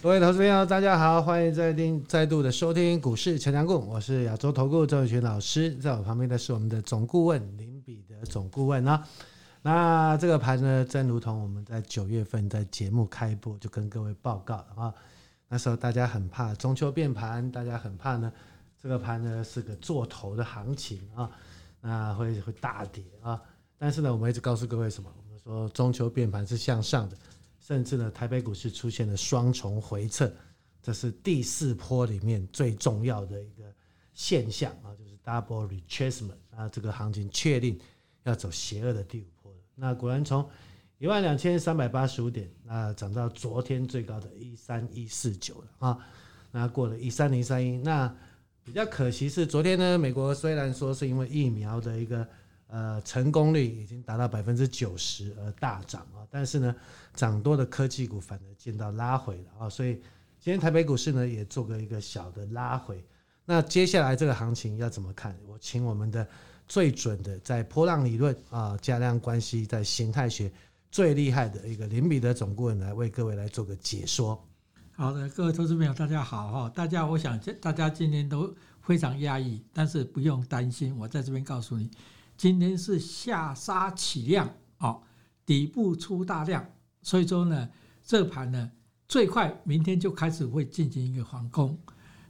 各位投資朋友，大家好，歡迎再聽再度的收聽股市強強滾，我是亞洲投顧鄭偉群老師，在我旁邊的是我們的總顧問林比德總顧問啊、哦。那這個盤呢，正如同我們在九月份在節目開播就跟各位報告啊、哦，那時候大家很怕中秋變盤，大家很怕呢，這個盤呢是個做頭的行情啊、哦，那會會大跌啊、哦。但是呢，我們一直告訴各位什麼？我們說中秋變盤是向上的。甚至呢，台北股市出現了雙重回撤，這是第四波裡面最重要的一個現象啊，就是 double retracement，這個行情確定要走邪惡的第五波。那果然從一萬兩千三百八十五點，那漲到昨天最高的一三一四九啊，那過了一三零三一，那比較可惜是昨天呢，美國雖然說是因為疫苗的一個。呃，成功率已經達到百分之九十而大漲啊！但是呢，漲多的科技股反而見到拉回了啊！所以今天台北股市呢也做個一個小的拉回。那接下來這個行情要怎麼看？我請我們的最準的，在波浪理論啊、加量關係、在形態學最厲害的一個林彼得總顧問來為各位來做個解說。好的，各位投資朋友，大家好哈！大家我想大家今天都非常壓抑，但是不用擔心，我在這邊告訴你。今天是下殺起量哦，底部出大量，所以說呢，這盤呢最快明天就開始會進行一個反攻，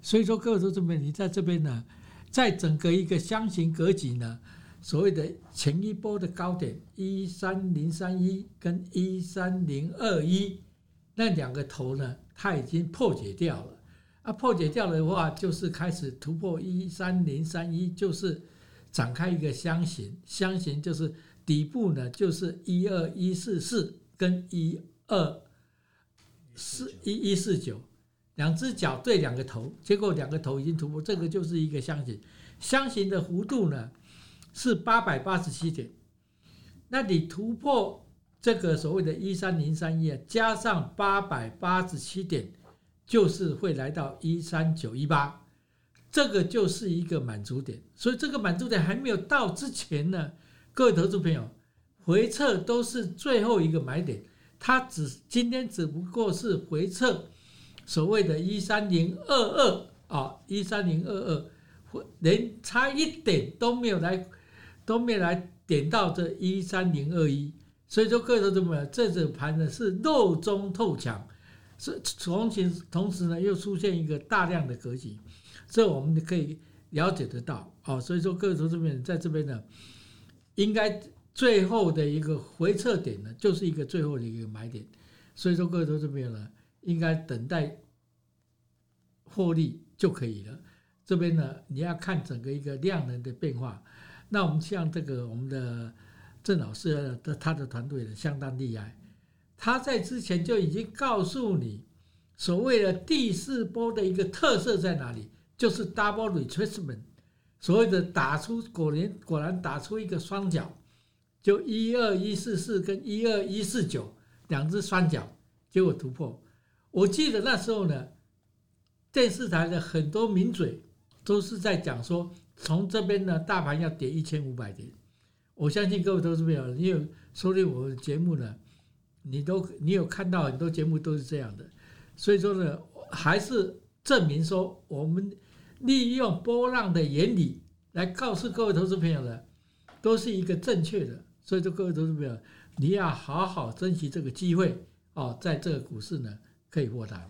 所以說各位說這邊你在這邊呢，在整個一個箱型格局呢，所謂的前一波的高點一三零三一跟一三零二一那兩個頭呢，它已經破解掉了，啊，破解掉的話就是開始突破一三零三一，就是。展開一個箱型，箱型就是底部呢，就是一二一四四跟一二四一一四九，兩隻腳對兩個頭，結果兩個頭已經突破，這個就是一個箱型，箱型的幅度呢是八百八十七點，那你突破這個所謂的一三零三一，加上八百八十七點，就是會來到一三九一八。這個就是一個滿足點，所以這個滿足點還沒有到之前呢，各位投資朋友，回撤都是最後一個買點，它只是今天只不過是回撤，所謂的“一三零二二”啊，哦，“一三零二二”，連差一點都沒有來，都沒有來點到這一三零二一，所以說各位投資朋友，這只盤呢是弱中透強，是同時同時呢又出現一個大量的格局。這我們可以了解得到哦，所以說各位投資朋友在這邊呢，應該最後的一個回撤點呢，就是一個最後的一個買點，所以說各位投資朋友呢，應該等待獲利就可以了。這邊呢，你要看整個一個量能的變化。那我們像這個我們的鄭老師的他的團隊呢相當厲害，他在之前就已經告訴你，所謂的第四波的一個特色在哪裡。就是 double retracement，所謂的打出，果然果然打出一個雙腳，就一二一四四跟一二一四九兩隻雙腳，結果突破。我記得那時候呢，電視台的很多名嘴都是在講說，從這邊呢大盤要跌一千五百點。我相信各位投資者，你有收聽我的節目呢，你都你有看到很多節目都是這樣的，所以說呢，還是證明說我們。利用波浪的原理來告訴各位投資朋友的，都是一個正確的，所以說各位投資朋友，你要好好珍惜這個機會哦，在這個股市呢可以獲得回報。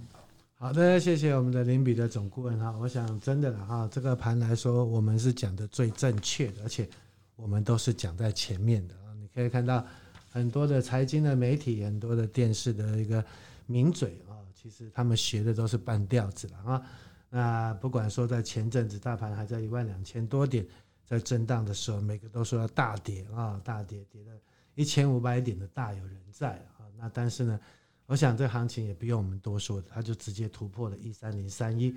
好的，謝謝我們的林比的總顧問哈，我想真的了哈，這個盤來說，我們是講的最正確的，而且我們都是講在前面的啊，你可以看到很多的財經的媒體，很多的電視的一個名嘴啊，其實他們學的都是半吊子了啊。那不管說在前陣子大盤還在一萬兩千多點，在震盪的時候，每個都說要大跌啊，大跌跌了一千五百點的大有人在啊。那但是呢，我想這行情也不用我們多說，它就直接突破了一三零三一，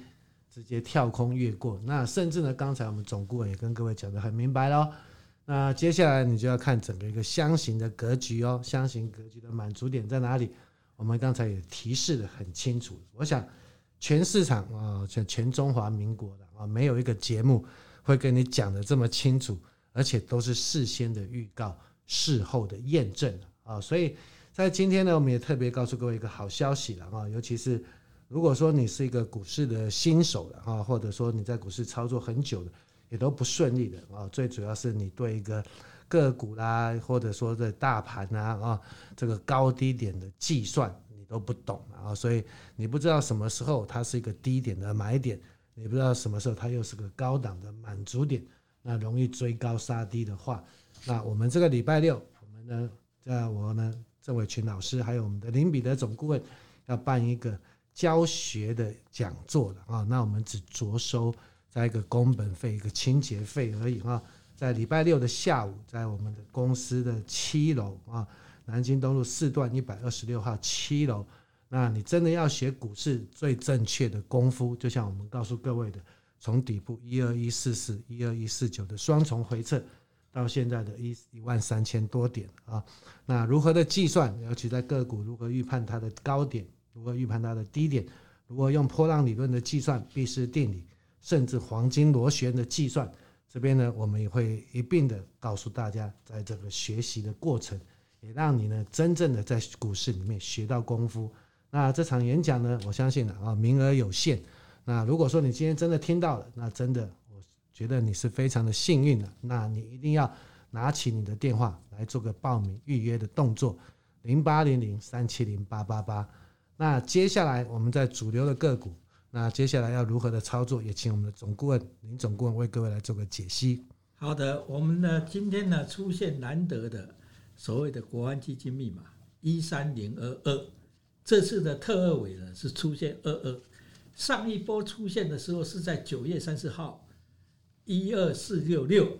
直接跳空越過。那甚至呢，剛才我們總顧問也跟各位講得很明白嘍。那接下來你就要看整個一個箱型的格局哦，箱型格局的滿足點在哪裡？我們剛才也提示得很清楚。我想。全市場啊，全全中華民國的啊，沒有一個節目會跟你講得這麼清楚，而且都是事先的預告，事後的驗證啊。所以在今天呢，我們也特別告訴各位一個好消息了啊，尤其是如果說你是一個股市的新手的啊，或者說你在股市操作很久的也都不順利的啊，最主要是你對一個個股啦，或者說在大盤啊啊，這個高低點的計算。都不懂啊，所以你不知道什麼時候它是一個低點的買點，你不知道什麼時候它又是個高檔的滿足點，那容易追高殺低的話，那我們這個禮拜六，我們呢，在我呢鄭偉群老師還有我們的林彼得總顧問，要辦一個教學的講座的啊，那我們只着收在一個工本費一個清潔費而已啊，在禮拜六的下午，在我們的公司的七樓啊。南京東路四段一百二十六號七樓。那你真的要學股市最正確的功夫，就像我們告訴各位的，從底部一二一四四、一二一四九的雙重回撤，到現在的一一萬三千多點啊。那如何的計算？尤其在個股如何預判它的高點，如何預判它的低點？如何用波浪理論的計算、費氏定理，甚至黃金螺旋的計算，這邊呢，我們也會一併的告訴大家，在這個學習的過程。也讓你呢真正的在股市裡面學到功夫。那這場演講呢，我相信啊，名額有限。那如果說你今天真的聽到了，那真的我覺得你是非常的幸運的啊。那你一定要拿起你的電話來做個報名預約的動作，零八零零三七零八八八。那接下來我們在主流的個股，那接下來要如何的操作，也請我們的總顧問林總顧問為各位來做個解析。好的，我們呢今天呢出現難得的。所謂的國安基金密碼一三零二二，2，這次的特二尾呢是出現二二，上一波出現的時候是在九月三十號一二四六六，66，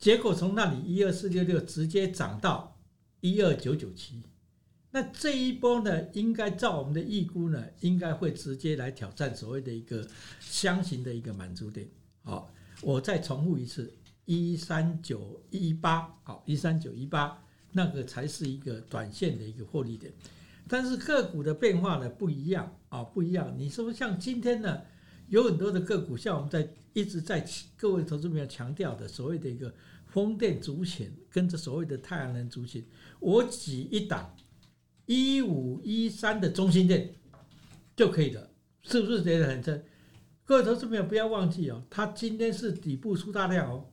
結果從那裡一二四六六直接漲到一二九九七，那這一波呢應該照我們的預估呢，應該會直接來挑戰所謂的一個箱型的一個滿足點。好，我再重複一次。一三九一八，好，一三九一八，那個才是一個短線的一個獲利點。但是個股的變化呢，不一樣啊，不一樣。你是不是像今天呢，有很多的個股，像我們在一直在各位投資朋友強調的所謂的一個風電族群，跟着所謂的太陽能族群，我舉一檔一五一三的中心點就可以了，是不是覺得很正？各位投資朋友不要忘記哦，它今天是底部出大量哦。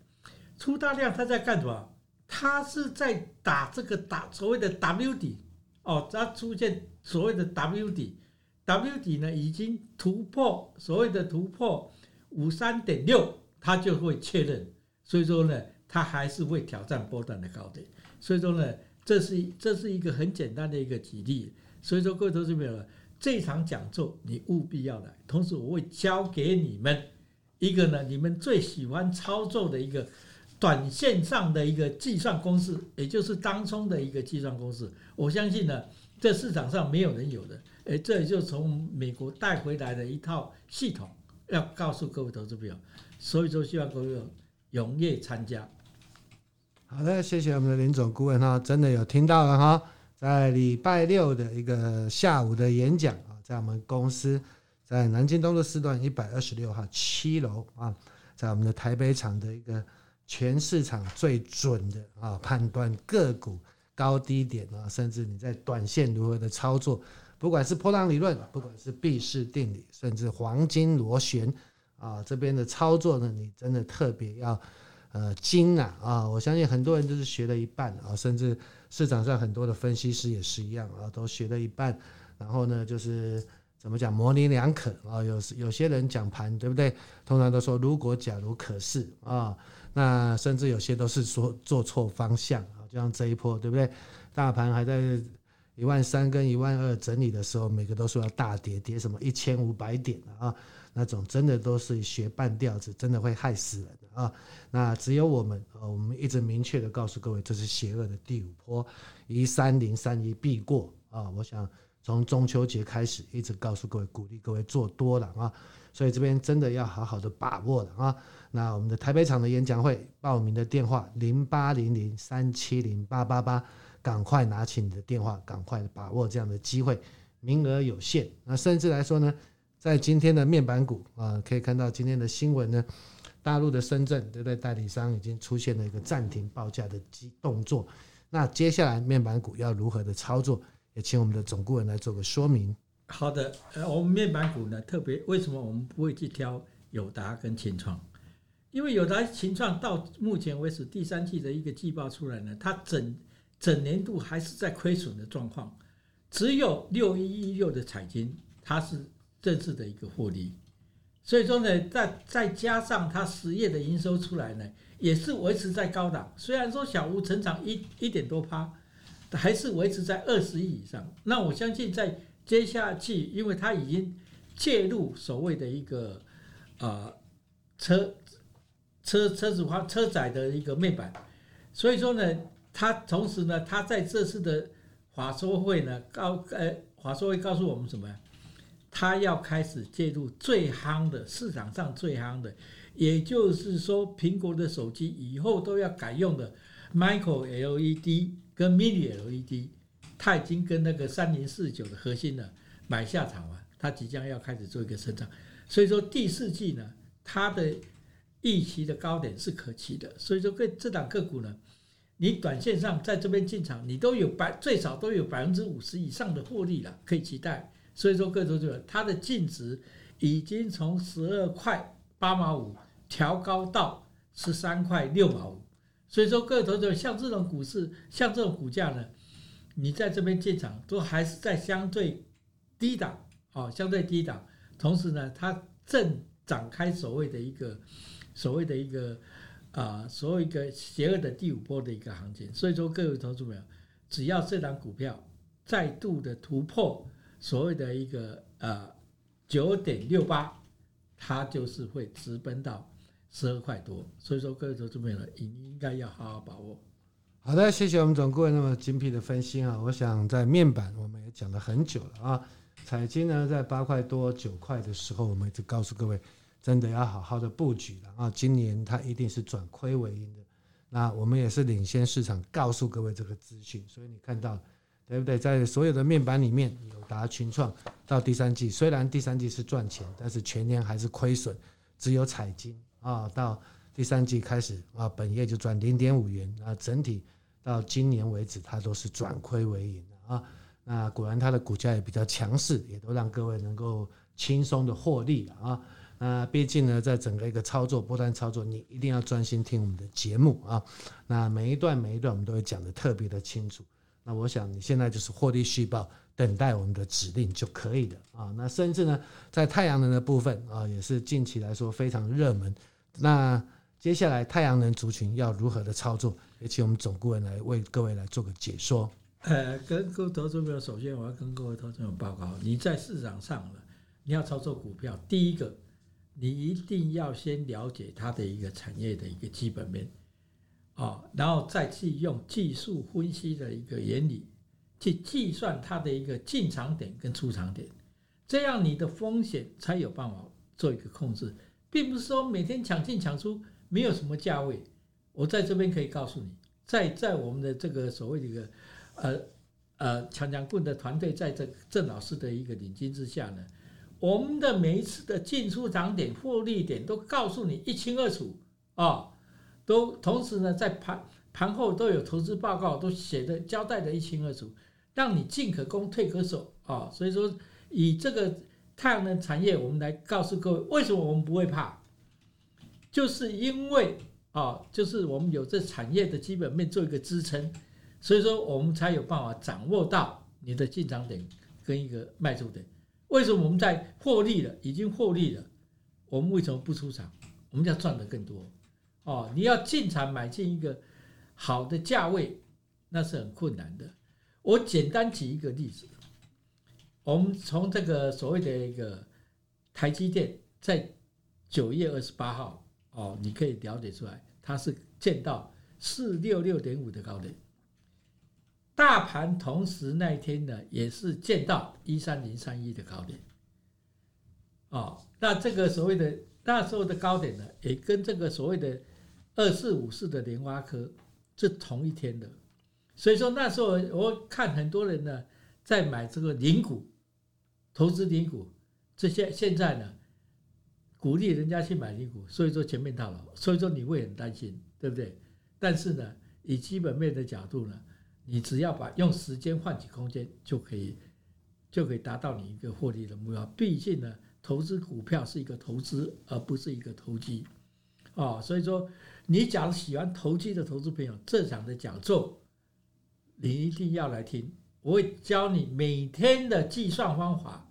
出大量，他在幹什麼？他是在打這個打所謂的 W 底哦，他出現所謂的 W 底，W 底呢已經突破所謂的突破五三點六，他就會確認。所以說呢，他還是會挑戰波段的高點。所以說呢，這是這是一個很簡單的一個舉例。所以說各位同學，這場講座你務必要來。同時我會教給你們一個呢，你們最喜歡操作的一個。短線上的一個計算公式，也就是當沖的一個計算公式，我相信呢，這市場上沒有人有的，哎，這也就從美國帶回來的一套系統，要告訴各位投資朋友，所以說希望各位踴躍參加。好的，謝謝我們的林總顧問哈，真的有聽到了哈，在禮拜六的一個下午的演講啊，在我們公司，在南京東路四段一百二十六號七樓啊，在我們的台北廠的一個。全市場最準的啊，判斷個股高低點啊，甚至你在短線如何的操作，不管是波浪理論，不管是畢氏定理，甚至黃金螺旋啊，這邊的操作呢，你真的特別要呃精啊啊！我相信很多人就是學了一半啊，甚至市場上很多的分析師也是一樣啊，都學了一半，然後呢就是。怎麼講模稜兩可啊、哦？有時有些人講盤，對不對？通常都說如果、假如、可是啊、哦，那甚至有些都是說做錯方向啊、哦，就像這一波，對不對？大盤還在一萬三跟一萬二整理的時候，每個都說要大跌，跌什麼一千五百點啊、哦？那種真的都是學半吊子，真的會害死人啊、哦！那只有我們，哦、我們一直明確地告訴各位，這是邪惡的第五波，一三零三一必過啊、哦！我想。從中秋節開始，一直告訴各位，鼓勵各位做多了啊，所以這邊真的要好好的把握了啊。那我們的台北場的演講會，報名的電話零八零零三七零八八八，8, 趕快拿起你的電話，趕快把握這樣的機會，名額有限。那甚至來說呢，在今天的面板股啊、呃，可以看到今天的新聞呢，大陸的深圳，對不對？代理商已經出現了一個暫停報價的機動作，那接下來面板股要如何的操作？也請我們的總顧問來做個說明。好的，呃，我們面板股呢，特別為什麼我們不會去挑友達跟群創？因為友達、群創到目前為止第三季的一個季報出來呢，它整整年度還是在虧損的狀況，只有六一一六的彩晶它是正式的一個獲利。所以說呢，再再加上它十月的營收出來呢，也是維持在高檔，雖然說小屋成長一一點多趴。還是維持在二十億以上。那我相信，在接下去，因為它已經介入所謂的一個呃車車車子、車車、車載的一個面板，所以說呢，它同時呢，它在這次的法說會呢，告呃法說會告訴我們什麼啊？它要開始介入最夯的市場上最夯的，也就是說，蘋果的手機以後都要改用的 Micro LED。跟 Mini LED，它已經跟那個三零四九的核心呢買下場了，它即將要開始做一個成長，所以說第四季呢，它的預期的高點是可期的。所以說，跟這檔個股呢，你短線上在這邊進場，你都有百最少都有百分之五十以上的獲利了可以期待。所以說，各位就資它的淨值已經從十二塊八毛五調高到十三塊六毛五。所以說，各位投資者，像這種股市，像這種股價呢，你在這邊進場都還是在相對低檔，哦，相對低檔。同時呢，它正展開所謂的一個，所謂的一個，啊，所謂一個邪惡的第五波的一個行情。所以說，各位投資朋友，只要這檔股票再度的突破所謂的一個，呃，九點六八，它就是會直奔到。十二塊多，所以說各位投資者呢，你應該要好好把握。好的，謝謝我們總顧問那麼精闢的分析啊！我想在面板，我們也講了很久了啊。彩晶呢，在八塊多、九塊的時候，我們就告訴各位，真的要好好的布局了啊！今年它一定是轉虧為盈的。那我們也是領先市場，告訴各位這個資訊。所以你看到，對不對？在所有的面板裡面友達、群創到第三季，雖然第三季是賺錢，但是全年還是虧損，只有彩晶。啊，到第三季開始啊，本業就賺零點五元，那整體到今年為止，它都是轉虧為盈的啊。那果然它的股價也比較強勢，也都讓各位能夠輕鬆的獲利了啊。那畢竟呢，在整個一個操作，波段操作，你一定要專心聽我們的節目啊。那每一段每一段我們都會講得特別的清楚。那我想你現在就是獲利續報，等待我們的指令就可以的啊。那甚至呢，在太陽能的部分啊，也是近期來說非常熱門。那接下來太陽能族群要如何的操作？也請我們總顧問來為各位來做個解說。呃，跟各位投資朋友，首先我要跟各位投資朋友報告：你在市場上你要操作股票，第一個，你一定要先了解它的一個產業的一個基本面啊，然後再去用技術分析的一個原理去計算它的一個進場點跟出場點，這樣你的風險才有辦法做一個控制。並不是說每天搶進搶出沒有什麼價位，我在這邊可以告訴你，在在我們的這個所謂這個，呃呃，強強滾的團隊在這鄭老師的一個領軍之下呢，我們的每一次的進出場點、獲利點都告訴你一清二楚啊、哦，都同時呢在盤盤後都有投資報告，都寫的交代的一清二楚，讓你進可攻退可守啊、哦，所以說以這個。太陽能產業，我們來告訴各位，為什麼我們不會怕？就是因為啊、哦，就是我們有這產業的基本面做一個支撐，所以說我們才有辦法掌握到你的進場點跟一個賣出點。為什麼我們在獲利了，已經獲利了，我們為什麼不出場？我們要賺得更多哦！你要進場買進一個好的價位，那是很困難的。我簡單舉一個例子。我們從這個所謂的一個台積電在九月二十八號哦，你可以了解出來，它是見到四六六點五的高點，大盤同時那一天呢，也是見到一三零三一的高點，哦，那這個所謂的那時候的高點呢，也跟這個所謂的二四五四的聯發科是同一天的，所以說那時候我看很多人呢在買這個零股。投資零股，這些現在呢，鼓勵人家去買零股，所以說前面套牢，所以說你會很擔心，對不對？但是呢，以基本面的角度呢，你只要把用時間換取空間，就可以就可以達到你一個獲利的目標。畢竟呢，投資股票是一個投資，而不是一個投機。啊、哦，所以說，你假如喜歡投機的投資朋友，這場的講座，你一定要來聽。我會教你每天的計算方法，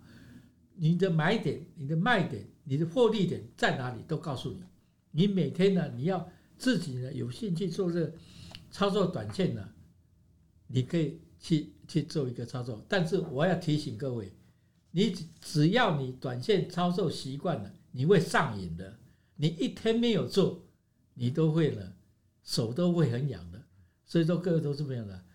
你的買點、你的賣點、你的獲利點在哪裡都告訴你。你每天呢，你要自己呢有興趣做這個操作短線呢，你可以去去做一個操作。但是我要提醒各位，你只要你短線操作習慣了，你會上癮的。你一天沒有做，你都會了，手都會很癢的。所以說，各位都是這樣的。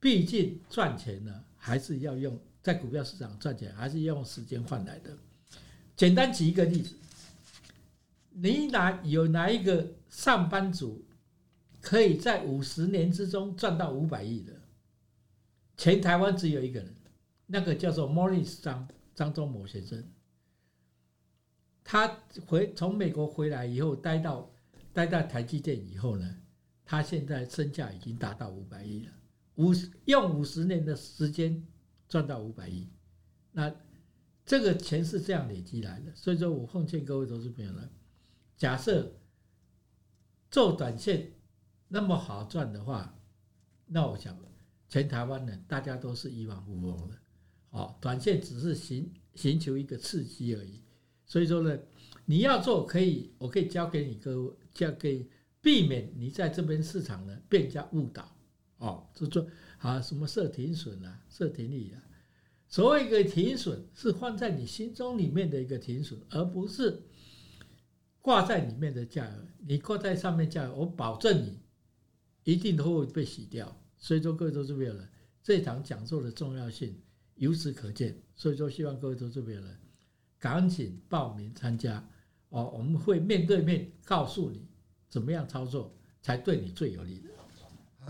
畢竟賺錢呢，還是要用在股票市場賺錢，還是要用時間換來的。簡單舉一個例子，你哪有哪一個上班族可以在五十年之中賺到五百億的？全台灣只有一個人，那個叫做 Morris 張張忠謀先生。他回從美國回來以後待，待到待在台積電以後呢，他現在身價已經達到五百億了。五十用五十年的時間賺到五百億，那這個錢是這樣累積來的。所以說我奉勸各位都是朋友了。假設做短線那麼好賺的話，那我想全台灣人大家都是億萬富翁了。哦，短線只是尋尋求一個刺激而已。所以說呢，你要做可以，我可以交給你各位，交給避免你在這邊市場呢被人家誤導。哦，就做啊，什麼設停損啊，設停利啊。所謂一個停損，是放在你心中裡面的一個停損，而不是掛在裡面的價格。你掛在上面價格，我保證你一定都會被洗掉。所以說，各位投資者朋友，這場講座的重要性由此可見。所以說，希望各位投資者朋友趕緊報名參加哦，我們會面對面告訴你怎麼樣操作才對你最有利的。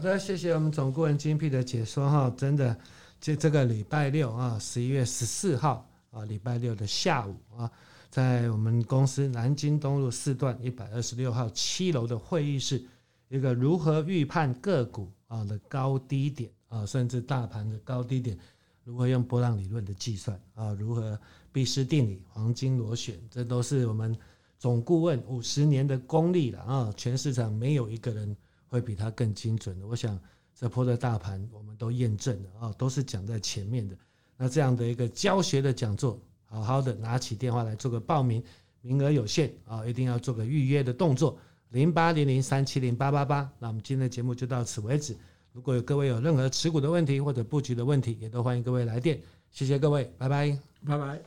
好的，謝謝我們總顧問精闢的解說哈，真的，就這個禮拜六啊，十一月十四號啊，禮拜六的下午啊，在我們公司南京東路四段一百二十六號七樓的會議室，一個如何預判個股啊的高低點啊，甚至大盤的高低點，如何用波浪理論的計算啊，如何費氏定理、黃金螺旋，這都是我們總顧問五十年的功力了啊，全市場沒有一個人，會比它更精準的，我想這波的大盤，我們都驗證了啊、哦，都是講在前面的。那這樣的一個教學的講座，好好的拿起電話來做個報名，名額有限啊、哦，一定要做個預約的動作，零八零零三七零八八八。8，那我們今天的節目就到此為止。如果有各位有任何持股的問題或者布局的問題，也都歡迎各位來電。謝謝各位，拜拜，拜拜。